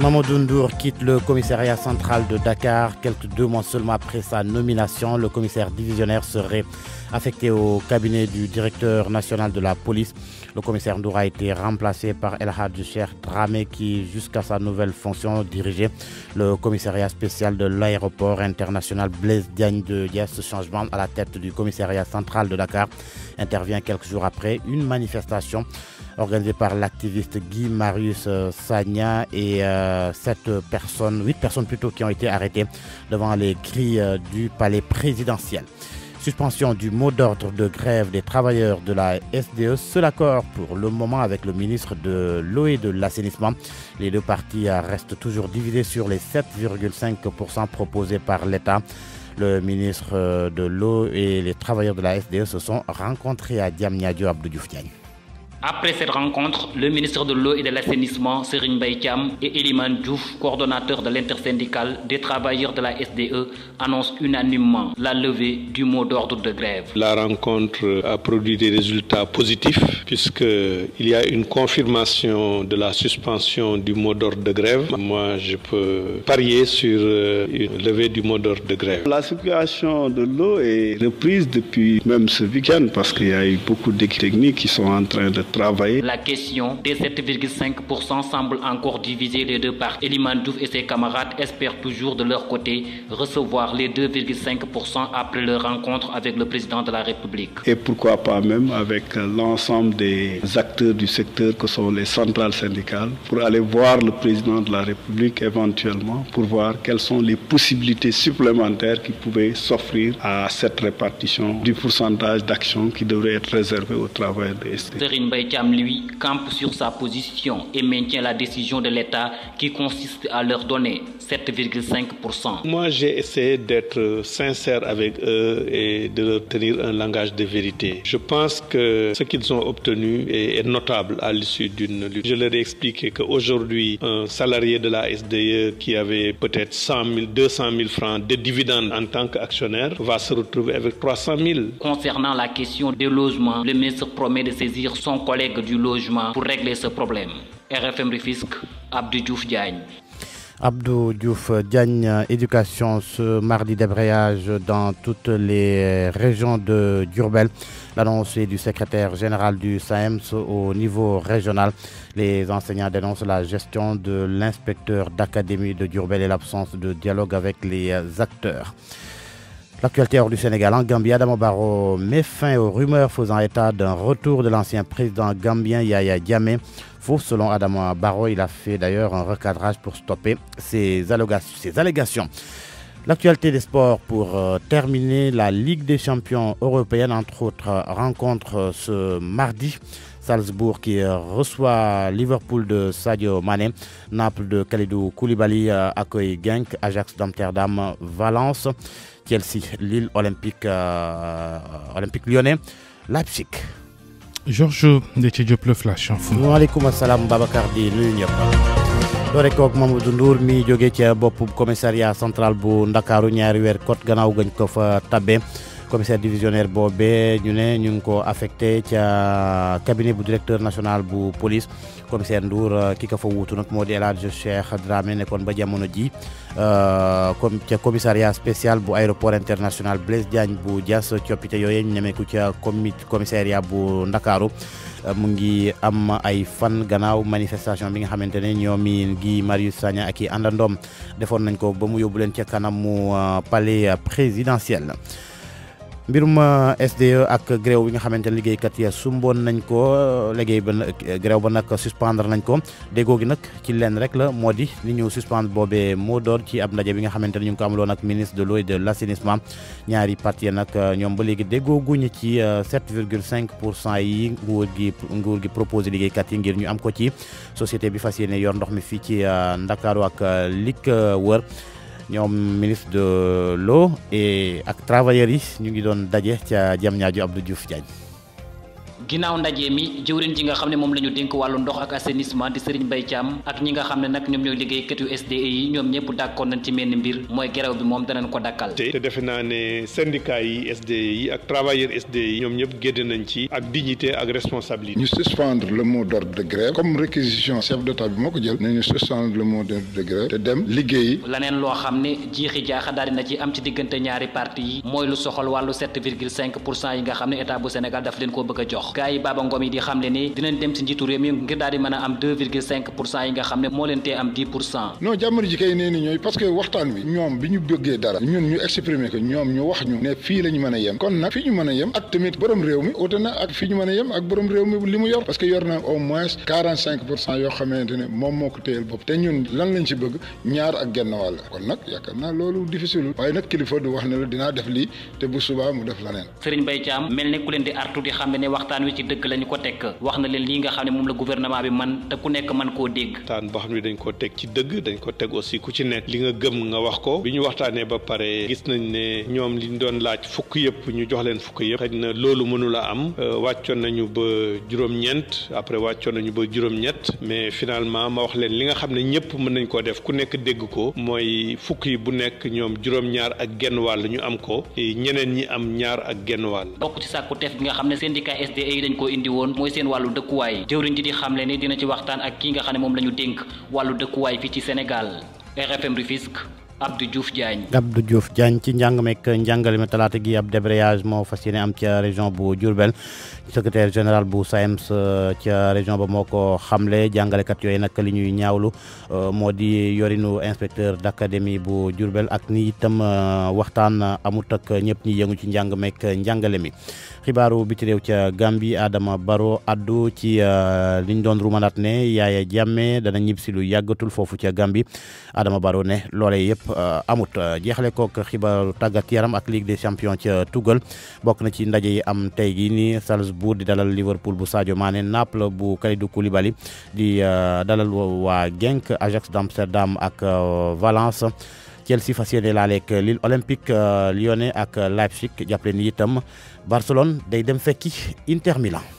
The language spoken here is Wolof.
Mamadou Ndour quitte le commissariat central de Dakar. Quelques deux mois seulement après sa nomination, le commissaire divisionnaire serait affecté au cabinet du directeur national de la police. Le commissaire Ndour a été remplacé par Elhad Hadjou Dramé qui, jusqu'à sa nouvelle fonction, dirigeait le commissariat spécial de l'aéroport international Blaise Diagne de Yes. Ce changement à la tête du commissariat central de Dakar intervient quelques jours après une manifestation organisée par l'activiste Guy Marius euh, Sagna et euh, euh, sept personnes, huit personnes plutôt, qui ont été arrêtées devant les grilles euh, du palais présidentiel. Suspension du mot d'ordre de grève des travailleurs de la SDE, seul accord pour le moment avec le ministre de l'eau et de l'assainissement. Les deux parties restent toujours divisées sur les 7,5% proposés par l'État. Le ministre de l'eau et les travailleurs de la SDE se sont rencontrés à Diamniadio Abdou Diouf après cette rencontre, le ministre de l'Eau et de l'Assainissement, Serine Baïkiam et Eliman Djouf, coordonnateur de l'intersyndicale des travailleurs de la SDE, annoncent unanimement la levée du mot d'ordre de grève. La rencontre a produit des résultats positifs puisqu'il y a une confirmation de la suspension du mot d'ordre de grève. Moi, je peux parier sur euh, une levée du mot d'ordre de grève. La situation de l'eau est reprise depuis même ce week-end parce qu'il y a eu beaucoup d'équipes techniques qui sont en train de travail. La question des 7,5% semble encore diviser les deux parties. Eliman et ses camarades espèrent toujours de leur côté recevoir les 2,5% après leur rencontre avec le président de la République. Et pourquoi pas même avec l'ensemble des acteurs du secteur que sont les centrales syndicales pour aller voir le président de la République éventuellement pour voir quelles sont les possibilités supplémentaires qui pouvaient s'offrir à cette répartition du pourcentage d'actions qui devrait être réservé au travail des ST. Cam lui, campe sur sa position et maintient la décision de l'État qui consiste à leur donner 7,5%. Moi, j'ai essayé d'être sincère avec eux et de leur tenir un langage de vérité. Je pense que ce qu'ils ont obtenu est, notable à l'issue d'une lutte. Je leur ai expliqué qu'aujourd'hui, un salarié de la SDE qui avait peut-être 100 000, 200 000 francs de dividendes en tant qu'actionnaire va se retrouver avec 300 000. Concernant la question des logements, le ministre promet de saisir son collègues du logement pour régler ce problème. RFM Rifisque, Abdou Diouf Diagne. Abdou Diouf Diagne, éducation ce mardi débrayage dans toutes les régions de Durbel. L'annonce est du secrétaire général du SAEMS e au niveau régional. Les enseignants dénoncent la gestion de l'inspecteur d'académie de Durbel et l'absence de dialogue avec les acteurs. L'actualité hors du Sénégal en Gambie, Adamo Barrow met fin aux rumeurs faisant état d'un retour de l'ancien président gambien Yaya Diamé. Faux selon Adamo Barrow, il a fait d'ailleurs un recadrage pour stopper ces allégations. L'actualité des sports pour euh, terminer, la Ligue des champions européenne, entre autres, rencontre euh, ce mardi. Salzbourg qui euh, reçoit Liverpool de Sadio Mané, Naples de Kalidou Koulibaly accueille Genk, Ajax d'Amsterdam, Valence. Chelsea, Lille Olympique, euh, Olympique Lyonnais, Leipzig. Georges de Diop le flash info. waaleykum assalam Babacar di nuyu ñëpp. doore Mamadou Ndour mi jóge ci bop commissariat central bu Ndakaaru ñaari wër kot gannaaw gën ko fa tabé commissaire divisionnaire bobé ñu né ñu ko affecté ci cabinet bu directeur national bu police commissaire Ndour euh, ki ka fa wuutu nak modi di El Hadj Cheikh Dramé nekkoon ba jamono ji euh, comme ca commissariat spécial bu aéroport international Blaise Diagne bu Diass coppite yooyu ñu nemeeku ca comi commissariat bu dakaro euh, mu ngi am ay fan gannaaw manifestation bi nga xamantene ñoomi gi Marius Sagna ak andandom defon nañ ko ba mu yóbbu ci kanam mu palais présidentiel mbirum eh, SDE ak grew bi nga xamante ne kat ya sumbon nañ ko eh, liggéey ba eh, grew ba nak suspendre nañ ko déggoo gi ci lenn rek la modi ni ñu suspendre bobé mo door ci ab ndaje bi nga xamante ñu ko amaloon ak ministre de l'eau et de l'assainissement ñaari parti nak ñom ba léegi déggoo guñ ci 7,5% yi nguur gi nguur gi proposé kat yi ngir ñu am ko ci société bi fasiyene yor ndox mi fi ci Ndakaaru ak lik wër ñoom ministre de l'eau et ak travailleurs yi ñu ngi doon daje ca jam ñaajo Abdou Diouf Diagne ginnaaw ndaje mi jëwriñ ji nga xam ne moom la ñu dénk wàllu ndox ak assainissement di Serigne Mbaye Thiam ak ñi nga xam ne nag ñoom ñooy liggéeykat yu SDE yi ñoom ñëpp d'accord nañ ci menn mbir mooy grève bi moom danañ ko dakkal te defe naa ne syndicat yi SDE yi ak travailleurs SDE yi ñoom ñëpp gédd nañ ci ak dignité ak responsabilité ñu suspendre le mot de grève comme réquisition chef d'état bi moo ko jël nañu suspendre le mot d'ordre de grève te dem liggéeyi loo xam ne jiixi jaaxa daal dina ci am ci diggante ñaari parti yi mooy lu soxal wàllu 7,5 pour cent yi nga xam ne état bu Sénégal daf leen koo bëgg a jox gars yi Ngom yi di xam le ni dem si njiitu réew mi ngir daal di mën a am yi nga xam ne moo leen tee am 10 pour ji kay nee ñooy parce que waxtaan wi ñoom bi ñu bëggee dara ñun ñu exprimer ko ñoom ñu wax ñu ne fii la mën a yem kon nag fii ñu mën a yem ak tamit réew mi li mu yor parce que yor na au moins yoo xamante ne moom moo ko téyel bopp te ñun lan lañ ci bëgg ñaar ak genn wàll kon nag yaakaar naa loolu difficile waaye nag kilifa du wax ne ci dëgg lañu ko teg wax na leen lii nga xam ne moom la gouvernement bi man te ku nekk man koo dégg taan boo xam dañ koo teg ci dëgg dañ ko teg aussi ku ci nekk li nga gëm nga wax ko bi ñu waxtaanee ba pare gis nañ ne ñoom liñ doon laaj fukk yëpp ñu jox leen fukk yëpp xëy na loolu mënula am euh, wàccoon nañu ba juróom-ñeent après wàccoon nañu ba juróom-ñett mais finalement ma wax leen li nga xam ne ñëpp mën nañ koo def ku nekk dégg ko mooy fukk yi bu nekk ñoom juróom-ñaar ak genn wàll ñu am ko ñeneen ñi am ñaar ak genn wàll yi dañ koo indi woon mooy seen wàllu dëkkuwaay jëwriñ di di xamle ni dina ci waxtaan ak ki nga xam ne moom la ñu dénk wàllu dëkkuwaay fii ci Sénégal RFM Rufisque Abdou Diouf Diagne Abdou Diouf Diagne ci njàng meek njàngale mi talaata gi ab débrayage moo fas yéene am ca région bu Diourbel secrétaire général bu SAEMS e euh, ca région ba moo ko xamle jàngalekat yooyu nag li ñuy ñaawlu euh, moo yorinu inspecteur d'académie bu Diourbel ak ni itam euh, waxtaan amut ak ñëpp ñi yëngu ci njàng meek njàngale mi xibaaru biti réew ca Gambie Adama Barrow addu ci liñ doon rumanaat ne Yaya Jammeh dana ñib si lu yàggatul foofu ca Gambie Adama Barrow ne loolee yëpp Uh, amut uh, jeexle kook xibaaru tàggat yaram ak Ligue des champions ca Tugal bokk na ci ndaje am ni Salzbourg di dalal Liverpool bu Sadio Mané Naples bu Kalidou Koulibaly di uh, dalal waa Genk Ajax d'Amsterdam ak Valence Chelsea fas yéene laaleeg Lille Olympique Lyonnais ak Leipzig jàppale itam Barcelone day dem Inter Milan.